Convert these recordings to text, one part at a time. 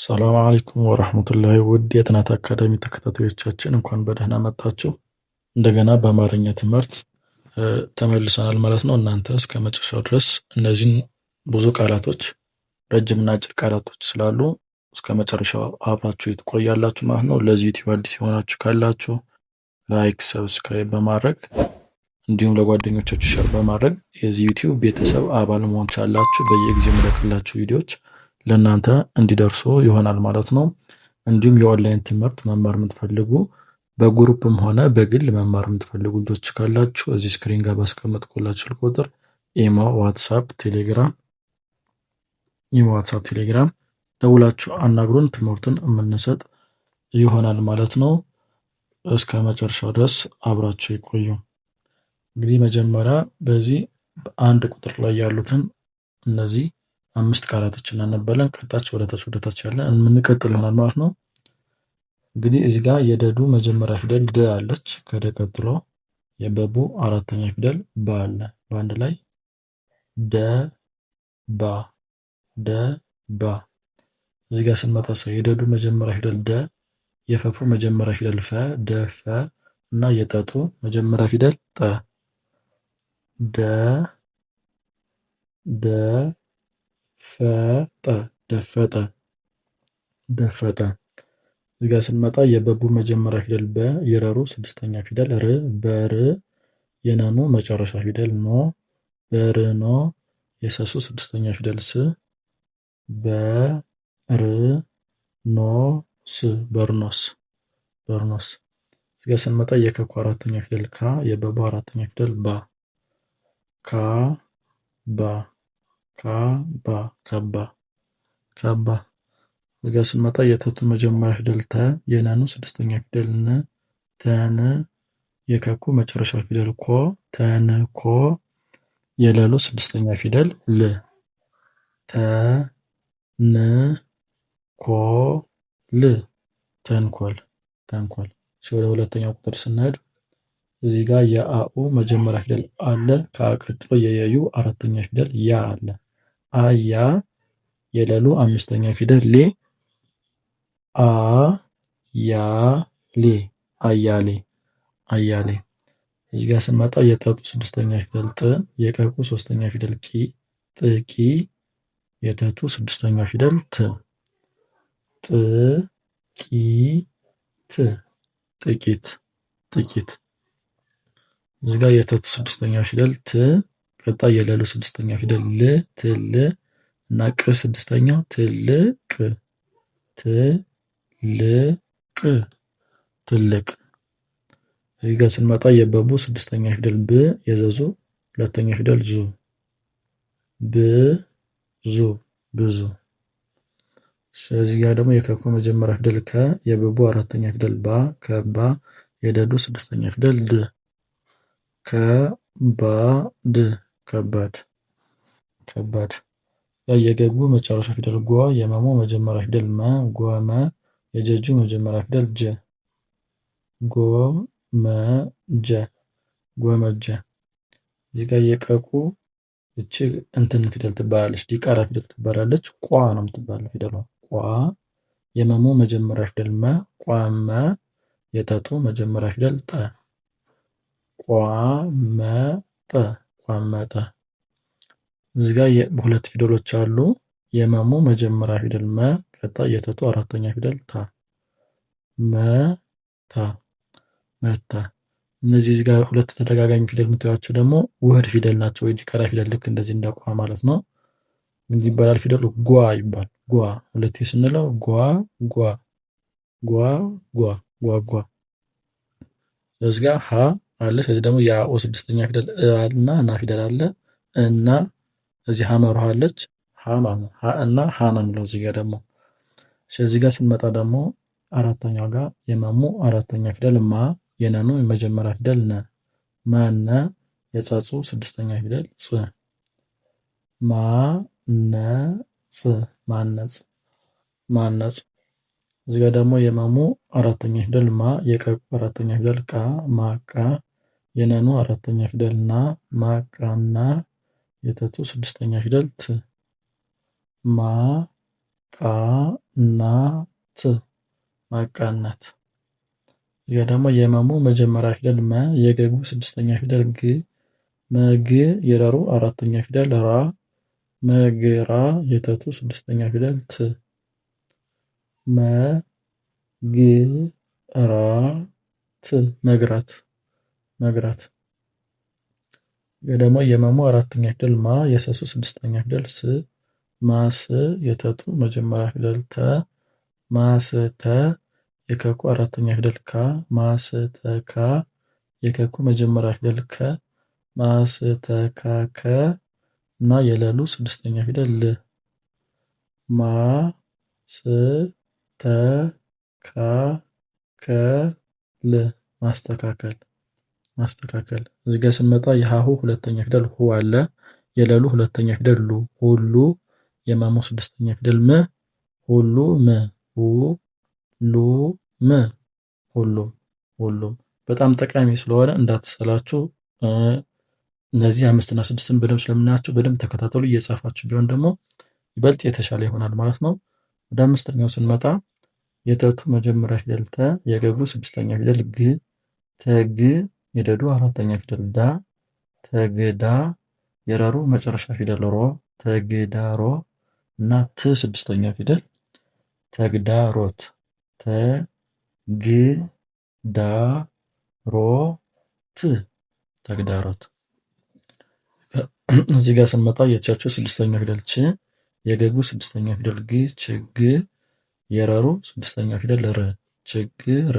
ሰላም አለይኩም ወራህመቱላሂ ውድ የጥናት አካዳሚ ተከታታዮቻችን እንኳን በደህና መጣችሁ። እንደገና በአማርኛ ትምህርት ተመልሰናል ማለት ነው። እናንተ እስከ መጨረሻው ድረስ እነዚህን ብዙ ቃላቶች ረጅምና አጭር ቃላቶች ስላሉ እስከ መጨረሻው አብራችሁ ትቆያላችሁ ማለት ነው። ለዚህ ዩቲዩብ አዲስ የሆናችሁ ካላችሁ ላይክ፣ ሰብስክራይብ በማድረግ እንዲሁም ለጓደኞቻችሁ ሸር በማድረግ የዚህ ዩቲዩብ ቤተሰብ አባል መሆን ቻላችሁ። በየጊዜው መለቅላችሁ ቪዲዮዎች ለእናንተ እንዲደርሱ ይሆናል ማለት ነው። እንዲሁም የኦንላይን ትምህርት መማር የምትፈልጉ በግሩፕም ሆነ በግል መማር የምትፈልጉ ልጆች ካላችሁ እዚህ ስክሪን ጋር ባስቀመጥኩላችሁ ቁጥር ኢሞ፣ ዋትሳፕ፣ ቴሌግራም ኢሞ፣ ዋትሳፕ፣ ቴሌግራም ደውላችሁ አናግሩን። ትምህርቱን የምንሰጥ ይሆናል ማለት ነው። እስከ መጨረሻው ድረስ አብራችሁ ይቆዩ። እንግዲህ መጀመሪያ በዚህ በአንድ ቁጥር ላይ ያሉትን እነዚህ አምስት ቃላቶች እናነባለን ከታች ወደ ታች ወደ ታች ያለ የምንቀጥል ይሆናል ማለት ነው። እንግዲህ እዚህ ጋር የደዱ መጀመሪያ ፊደል ደ አለች። ከደ ቀጥሎ የበቡ አራተኛ ፊደል ባ አለ። በአንድ ላይ ደ ባ ደ ባ። እዚህ ጋር ስንመጣ ሰው የደዱ መጀመሪያ ፊደል ደ፣ የፈፉ መጀመሪያ ፊደል ፈ፣ ደ ፈ እና የጠጡ መጀመሪያ ፊደል ጠ ደ ደ ፈጠ ደፈጠ ደፈጠ እዚህ ጋር ስንመጣ የበቡ መጀመሪያ ፊደል በ የረሩ ስድስተኛ ፊደል ር በር የነኑ መጨረሻ ፊደል ኖ በርኖ የሰሱ ስድስተኛ ፊደል ስ በር ኖ ስ በርኖስ በርኖስ እዚህ ጋር ስንመጣ የከኩ አራተኛ ፊደል ካ የበቡ አራተኛ ፊደል ባ ካ ባ ካባ ካባ ካባ እዚጋ ስንመጣ የተቱ መጀመሪያ ፊደል ተ፣ የነኑ ስድስተኛ ፊደል ነ፣ ተነ የከኩ መጨረሻ ፊደል ኮ፣ ተነ ኮ የለሉ ስድስተኛ ፊደል ል ተ ን ኮ ል ተንኮል ተንኮል። እሺ ወደ ሁለተኛው ቁጥር ስንሄድ እዚህ ጋር የአኡ መጀመሪያ ፊደል አለ። ከቀጥሎ የያዩ አራተኛ ፊደል ያ አለ። አያ የለሉ አምስተኛ ፊደል ሌ አ ያ ሌ አያሌ አያሌ። እዚህ ጋር ስንመጣ የጠጡ ስድስተኛ ፊደል ጥ፣ የቀቁ ሶስተኛ ፊደል ቂ፣ ጥቂ፣ የተቱ ስድስተኛ ፊደል ት፣ ጥ ቂ ት ጥቂት ጥቂት። እዚህ ጋር የተቱ ስድስተኛ ፊደል ት ቀጣይ ያለው ስድስተኛ ፊደል ል ትል እና ቅ ስድስተኛ ትልቅ ትልቅ ትልቅ። እዚህ ጋር ስንመጣ የበቡ ስድስተኛ ፊደል ብ የዘዙ ሁለተኛ ፊደል ዙ ብዙ ብዙ። ስለዚህ ጋር ደግሞ የከኮ መጀመሪያ ፊደል ከ የበቡ አራተኛ ፊደል ባ ከባ የደዱ ስድስተኛ ፊደል ድ ከባድ ከባድ ከባድ ያ የገጉ መጨረሻ ፊደል ጓ የመሞ መጀመሪያ ፊደል መ ጓ መ የጀጁ መጀመሪያ ፊደል ጀ ጎ መ ጀ ጎመጀ። እዚህ ጋር የቀቁ እቺ እንትን ፊደል ትባላለች፣ ዲቃላ ፊደል ትባላለች። ቋ ነው የምትባለው ፊደሏ ቋ የመሙ መጀመሪያ ፊደል መ ቋመ የጠጡ መጀመሪያ ፊደል ጠ ቋመጠ ቋመጠ። እዚህ ጋር ሁለት ፊደሎች አሉ። የመሙ መጀመሪያ ፊደል መ፣ ቀጣይ የተቱ አራተኛ ፊደል ታ፣ መታ፣ መታ። እነዚህ እዚህ ጋር ሁለት ተደጋጋሚ ፊደል የምታዩቸው ደግሞ ውህድ ፊደል ናቸው፣ ወይ ዲቃላ ፊደል ልክ እንደዚህ እንዳቋ ማለት ነው። ምን ይባላል? ፊደሉ ጓ ይባል። ጓ ሁለት ስንለው ጓ ጓ ጓ ጓ ጓ ጓ። እዚህ ጋር ሃ አለ። ከዚህ ደግሞ የአኦ ስድስተኛ ፊደል እና እና ፊደል አለ እና እዚህ ሀመር አለች እና ሀ ነው የሚለው እዚህ ጋር ደግሞ እዚህ ጋር ስንመጣ ደግሞ አራተኛው ጋር የመሙ አራተኛ ፊደል ማ የነኑ የመጀመሪያ ፊደል ነ ማነ የጸጹ ስድስተኛ ፊደል ጽ ማነጽ ማነጽ ማነጽ እዚህ ጋር ደግሞ የመሙ አራተኛ ፊደል ማ የቀቁ አራተኛ ፊደል ቃ ማቃ የነኑ አራተኛ ፊደል ና የተቱ ስድስተኛ ፊደል ት ማ ቃ ና ት ማቃናት። እዚጋ ደግሞ የመሙ መጀመሪያ ፊደል መ የገጉ ስድስተኛ ፊደል ግ መግ የረሩ አራተኛ ፊደል ራ መግራ የተቱ ስድስተኛ ፊደል ት መ ግ ራ ት መግራት መግራት ደግሞ የመሙ አራተኛ ፊደል ማ የሰሱ ስድስተኛ ፊደል ስ ማስ የተቱ መጀመሪያ ፊደል ተ ማስተ የከኩ አራተኛ ፊደል ካ ማስተካ የከኩ መጀመሪያ ፊደል ከ ማስተካከ እና የለሉ ስድስተኛ ፊደል ል ማ ስ ተ ካ ከ ል ማስተካከል ማስተካከል እዚህ ጋር ስንመጣ የሀሁ ሁለተኛ ፊደል ሁ አለ። የለሉ ሁለተኛ ፊደል ሉ ሁሉ የማሞ ስድስተኛ ፊደል ም ሁሉ ም ሁ ሉ ም ሁሉም ሁሉም በጣም ጠቃሚ ስለሆነ እንዳትሰላችሁ። እነዚህ አምስትና ስድስትን በደንብ ስለምናያቸው በደንብ ተከታተሉ። እየጻፋችሁ ቢሆን ደግሞ ይበልጥ የተሻለ ይሆናል ማለት ነው። ወደ አምስተኛው ስንመጣ የተቱ መጀመሪያ ፊደል ተ፣ የገብሩ ስድስተኛ ፊደል ግ፣ ተግ የደዱ አራተኛ ፊደል ዳ ተግዳ የረሩ መጨረሻ ፊደል ሮ ተግዳሮ እና ት ስድስተኛ ፊደል ተግዳሮት ተግዳሮት ተግዳሮት። እዚህ ጋር ስንመጣ የቻቸው ስድስተኛ ፊደል ች የገጉ ስድስተኛ ፊደል ግ ችግ የረሩ ስድስተኛ ፊደል ር ችግር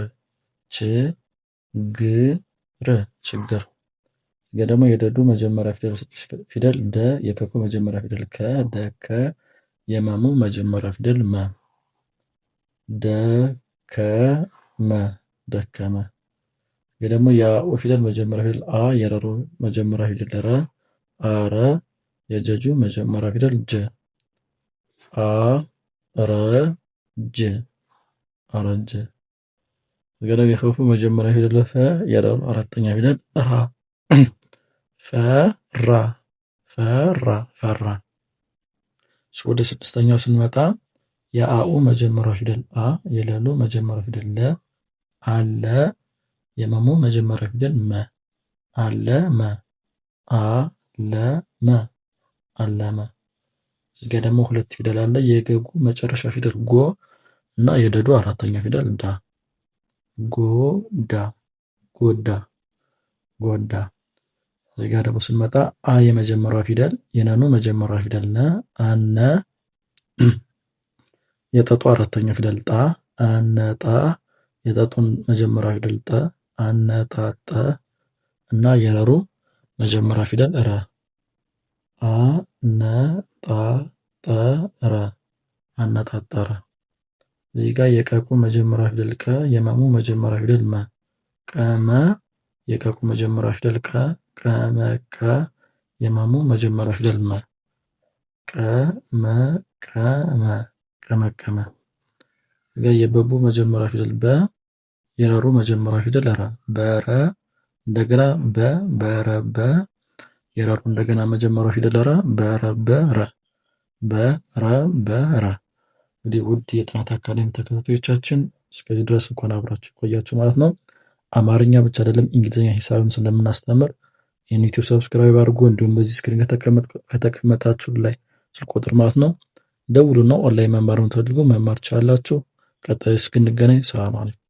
ችግር ር ችግር ገ ደግሞ የደዱ መጀመሪያ ፊደል ፊደል ደ የከኩ መጀመሪያ ፊደል ከ ደ ከ የመሙ መጀመሪያ ፊደል መ ደ ከ መ ደከመ። ገ ደግሞ የአኡ ፊደል መጀመሪያ ፊደል አ የረሩ መጀመሪያ ፊደል ረ አረ የጀጁ መጀመሪያ ፊደል ጀ አ ረ ጀ አረጀ ገደብ የፈፉ መጀመሪያ ፊደል ፈ ያለው አራተኛ ፊደል ራ ፈራ ፈራ ፈራ። ወደ ስድስተኛው ስንመጣ የአኡ መጀመሪያ ፊደል አ የለሉ መጀመሪያ ፊደል ለ አለ የመሙ መጀመሪያ ፊደል መ አለ መ አ ለ መ አለ መ። እዚህ ጋ ደግሞ ሁለት ፊደል አለ የገጉ መጨረሻ ፊደል ጎ እና የደዱ አራተኛ ፊደል ዳ ጎዳ ጎዳ ጎዳ እዚህ ጋር ደግሞ ስንመጣ አ የመጀመሪያ ፊደል የነኑ መጀመሪያ ፊደል ነ አነ የጠጡ አራተኛ ፊደል ጣ አነጣ የጠጡን መጀመሪያ ፊደል ጠ አነጣጠ እና የረሩ መጀመሪያ ፊደል ረ አነጣጠረ አነጣጠረ እዚህ ጋር የቀቁ መጀመሪያ ፊደል ቀ፣ የመሙ መጀመሪያ ፊደል መ፣ ቀመ የቀቁ መጀመሪያ ፊደል ቀ፣ ቀመቀ የመሙ መጀመሪያ ፊደል መ፣ ቀመቀመ ቀመቀመ። እዚህ የበቡ መጀመሪያ ፊደል በ፣ የረሩ መጀመሪያ ፊደል ረ፣ በረ እንደገና በ በረበ የረሩ እንደገና መጀመሪያ ፊደል ረ፣ በረበረ በረበረ እንግዲህ ውድ የጥናት አካዳሚ ተከታታዮቻችን እስከዚህ ድረስ እንኳን አብራችሁ ቆያችሁ ማለት ነው። አማርኛ ብቻ አይደለም እንግሊዝኛ፣ ሂሳብም ስለምናስተምር ይህን ዩቲብ ሰብስክራይብ አድርጎ እንዲሁም በዚህ ስክሪን ከተቀመጣችሁ ላይ ስልክ ቁጥር ማለት ነው ደውሉና ኦንላይን መማር የምትፈልጉ መማር ትችላላችሁ። ቀጣይ እስክንገናኝ ሰላም አለይኩም።